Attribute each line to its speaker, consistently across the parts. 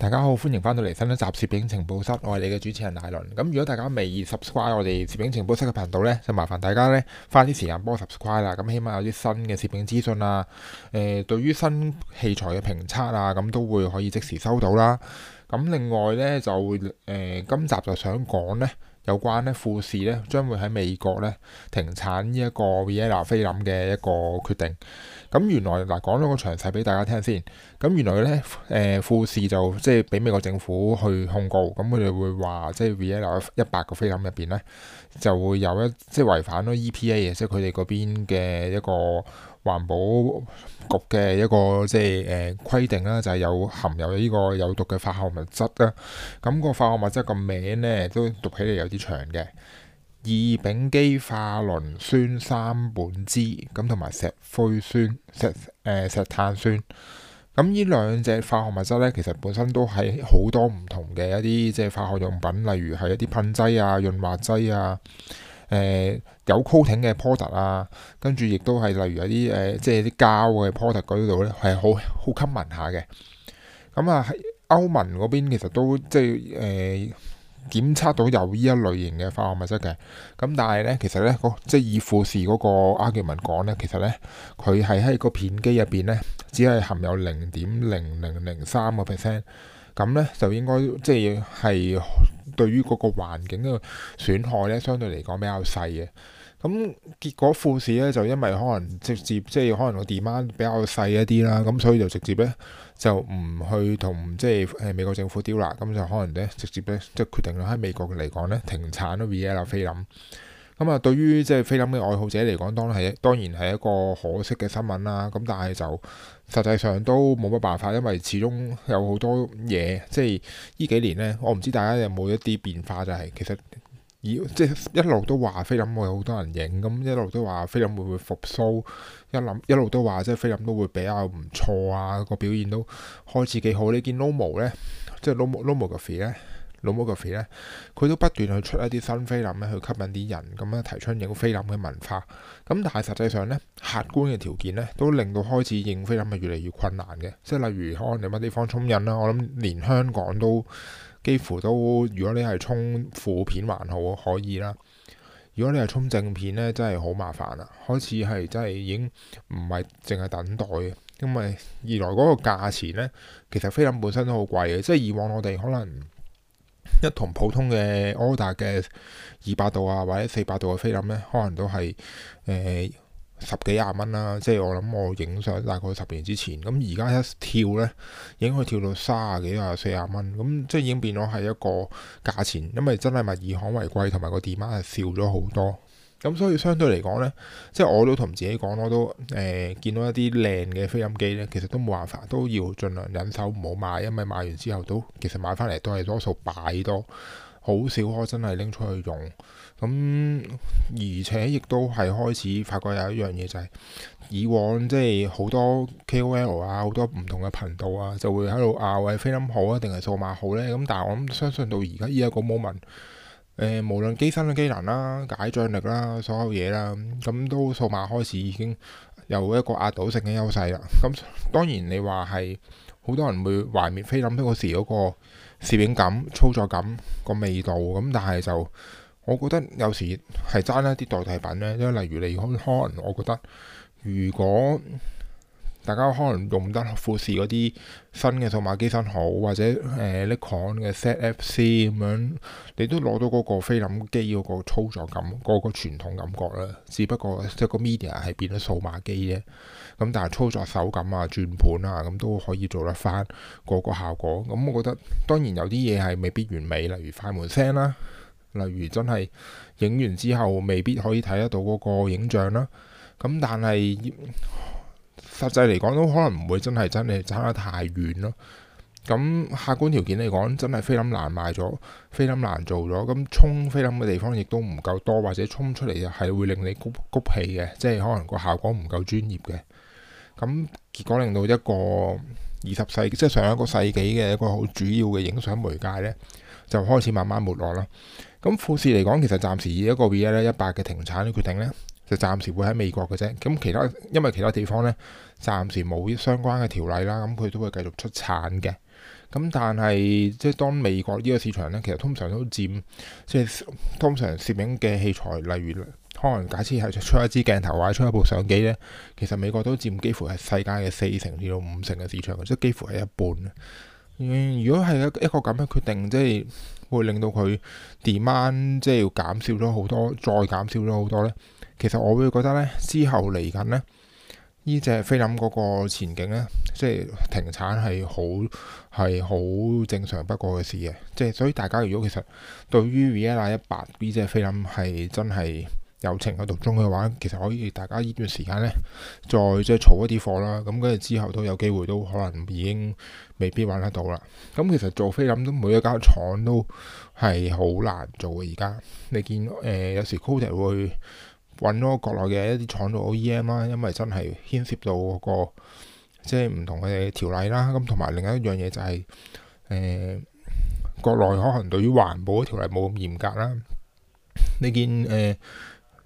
Speaker 1: 大家好，歡迎返到嚟新一集攝影情報室，我係你嘅主持人艾倫。咁如果大家未 subscribe 我哋攝影情報室嘅頻道呢，就麻煩大家呢，花啲時間幫我 subscribe 啦。咁起碼有啲新嘅攝影資訊啊，誒、呃，對於新器材嘅評測啊，咁都會可以即時收到啦。咁另外呢，就會誒、呃，今集就想講呢。有關咧富士咧將會喺美國咧停產呢一個 Velvia 菲林嘅一個決定，咁、嗯、原來嗱講咗個詳細俾大家聽先，咁、嗯、原來咧誒、呃、富士就即係俾美國政府去控告，咁佢哋會話即係 Velvia 一百個菲林入邊咧就會有一即係違反咗 EPA，嘅，即係佢哋嗰邊嘅一個。環保局嘅一個即係誒規定啦，就係、是、有含有呢個有毒嘅化學物質啦。咁、啊那個化學物質個名呢，都讀起嚟有啲長嘅，二丙基化磷酸三苯酯，咁同埋石灰酸、石誒、呃、石碳酸。咁呢兩隻化學物質呢，其實本身都係好多唔同嘅一啲即係化學用品，例如係一啲噴劑啊、潤滑劑啊。誒、呃、有 coating 嘅 product 啊，跟住亦都係例如有啲誒，即係啲膠嘅 product 嗰度咧，係好好 common 下嘅。咁、嗯、啊，歐盟嗰邊其實都即係誒、呃、檢測到有呢一類型嘅化學物質嘅。咁、嗯、但係咧，其實咧個即係以富士嗰個 argument 講咧，其實咧佢係喺個片機入邊咧，只係含有零點零零零三個 percent。咁咧就應該即係係，對於嗰個環境嘅損害咧，相對嚟講比較細嘅。咁結果富士咧就因為可能直接即係可能個 demand 比較細一啲啦，咁所以就直接咧就唔去同即係誒、呃、美國政府丟啦。咁就可能咧直接咧即係決定咗喺美國嚟講咧停產咗 Velvia 菲林。咁啊、嗯，對於即係菲林嘅愛好者嚟講，當係當然係一個可惜嘅新聞啦。咁但係就實際上都冇乜辦法，因為始終有好多嘢。即係呢幾年呢，我唔知大家有冇一啲變化就係、是、其實以即係一路都話菲林會好多人影，咁一路都話菲林會會復甦，一諗一路都話即係菲林都會比較唔錯啊，個表現都開始幾好。你見 Lomo 咧，即係 Lomo Lomo 嘅片咧。老摩個 film 咧，佢都不斷去出一啲新菲林咧，去吸引啲人咁樣提倡影菲林嘅文化。咁但係實際上咧，客觀嘅條件咧，都令到開始影菲林係越嚟越困難嘅。即係例如可能你乜地方沖印啦，我諗連香港都幾乎都，如果你係沖負片還好可以啦。如果你係沖正片咧，真係好麻煩啊！開始係真係已經唔係淨係等待嘅，因為二來嗰個價錢咧，其實菲林本身都好貴嘅。即係以往我哋可能。一筒普通嘅 order 嘅二百度啊，或者四百度嘅菲林咧，可能都係誒、呃、十幾廿蚊啦。即係我諗我影相大概十年之前，咁而家一跳咧，應該跳到卅啊幾啊四十蚊，咁即係已經變咗係一個價錢。因為真係物以罕為貴，同埋個點蚊係少咗好多。咁所以相對嚟講呢，即係我都同自己講我都誒、呃、見到一啲靚嘅菲林機呢，其實都冇辦法，都要儘量忍手唔好買因為買完之後都其實買翻嚟都係多數擺多，好少可真係拎出去用。咁而且亦都係開始發覺有一樣嘢就係、是、以往即係好多 KOL 啊，好多唔同嘅頻道啊，就會喺度拗係菲林好啊，定係數碼好呢。咁但係我諗相信到而家依一個 moment。誒、呃，無論機身嘅機能啦、解像力啦、所有嘢啦，咁都數碼開始已經有一個壓倒性嘅優勢啦。咁當然你話係好多人會懷念菲林嗰時嗰個攝影感、操作感個味道咁，但係就我覺得有時係爭一啲代替品咧，因為例如你可可能我覺得如果。大家可能用得富士嗰啲新嘅數碼機身好，或者誒 Nikon 嘅 ZFC 咁樣，你都攞到嗰個菲林機嗰個操作感，嗰個傳統感覺啦。只不過即係個 media 係變咗數碼機啫。咁但係操作手感啊、轉盤啊，咁都可以做得返嗰個效果。咁我覺得當然有啲嘢係未必完美，例如快門聲啦，例如真係影完之後未必可以睇得到嗰個影像啦。咁但係。實際嚟講都可能唔會真係真係差得太遠咯。咁客觀條件嚟講，真係菲林難賣咗，菲林難做咗。咁沖菲林嘅地方亦都唔夠多，或者沖出嚟就係會令你谷谷氣嘅，即係可能個效果唔夠專業嘅。咁結果令到一個二十世即係上一個世紀嘅一個好主要嘅影相媒介呢，就開始慢慢沒落啦。咁富士嚟講，其實暫時以一個 Velvia 100嘅停產決定呢。就暫時會喺美國嘅啫，咁其他因為其他地方呢，暫時冇相關嘅條例啦，咁佢都會繼續出產嘅。咁但係即係當美國呢個市場呢，其實通常都佔即係通常攝影嘅器材，例如可能假設係出一支鏡頭或者出一部相機呢，其實美國都佔幾乎係世界嘅四成至到五成嘅市場，即係幾乎係一半。嗯，如果係一一個咁樣決定，即係會令到佢 demand 即係要減少咗好多，再減少咗好多呢。其實我會覺得呢，之後嚟緊呢，呢隻菲林嗰個前景呢，即係停產係好係好正常不過嘅事嘅。即係所以大家如果其實對於 Velvia 100呢隻菲林係真係有情有獨鍾嘅話，其實可以大家呢段時間呢，再即係儲一啲貨啦。咁跟住之後都有機會都可能已經未必揾得到啦。咁、嗯、其實做菲林都每一間廠都係好難做嘅。而家你見誒、呃、有時 Kota 會。揾咗國內嘅一啲廠度 OEM 啦，因為真係牽涉到嗰、那個即係唔同嘅條例啦。咁同埋另一樣嘢就係、是、誒、呃、國內可能對於環保嘅條例冇咁嚴格啦。你見誒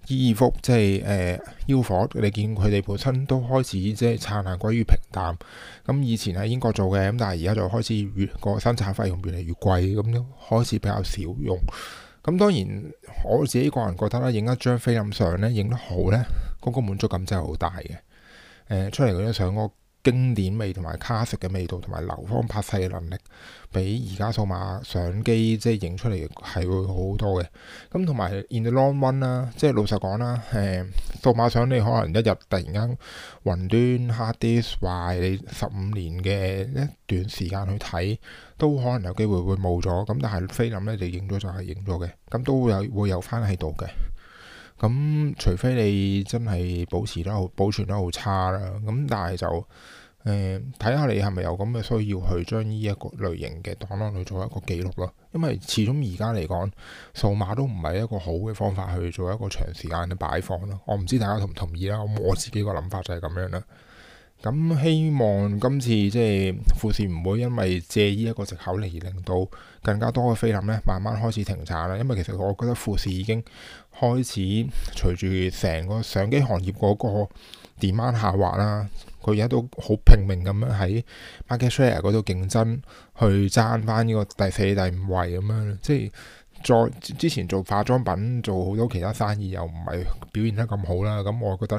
Speaker 1: 衣服即係誒腰火，呃 U、ord，你見佢哋本身都開始即係燦爛歸於平淡。咁、嗯、以前喺英國做嘅，咁但係而家就開始越、這個生產費用越嚟越貴，咁、嗯、樣開始比較少用。咁當然我自己個人覺得啦，影一張菲林相咧，影得好咧，嗰個滿足感真係好大嘅。誒、呃，出嚟嗰張相我～經典味同埋卡式嘅味道同埋流芳拍攝嘅能力，比而家數碼相機即係影出嚟係會好好多嘅。咁同埋 in the long run 啦，即係老實講啦，誒數碼相你可能一入突然間雲端 hard disk 壞，你十五年嘅一段時間去睇都可能有機會會冇咗。咁但係菲林咧就影咗就係影咗嘅，咁都會有會有返喺度嘅。咁、嗯、除非你真係保持得好、保存得好差啦，咁、嗯、但係就誒睇下你係咪有咁嘅需要去將呢一個類型嘅檔案去做一個記錄咯，因為始終而家嚟講數碼都唔係一個好嘅方法去做一個長時間嘅擺放咯。我唔知大家同唔同意啦，我自己個諗法就係咁樣啦。咁希望今次即係富士唔會因為借呢一個借口嚟，而令到更加多嘅菲林咧慢慢開始停產啦，因為其實我覺得富士已經開始隨住成個相機行業嗰個 demand 下滑啦，佢而家都好拼命咁樣喺 market share 嗰度競爭去爭翻呢個第四、第五位咁樣，即係。再之前做化妝品，做好多其他生意又唔係表現得咁好啦，咁我覺得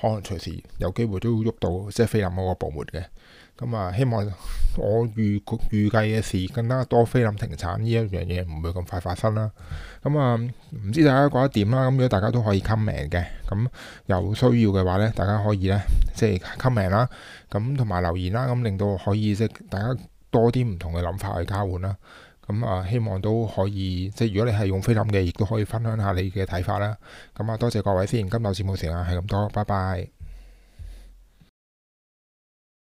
Speaker 1: 可能隨時有機會都會喐到即係菲林嗰個部門嘅。咁啊，希望我預預計嘅事更加多菲林停產呢一樣嘢唔會咁快發生啦。咁啊，唔知大家覺得點啦？咁如果大家都可以 comment 嘅，咁有需要嘅話咧，大家可以咧即係 comment 啦，咁同埋留言啦，咁令到可以即係大家多啲唔同嘅諗法去交換啦。咁啊、嗯，希望都可以即係如果你係用菲林嘅，亦都可以分享下你嘅睇法啦。咁、嗯、啊，多謝各位先，今集節目時間係咁多，拜拜。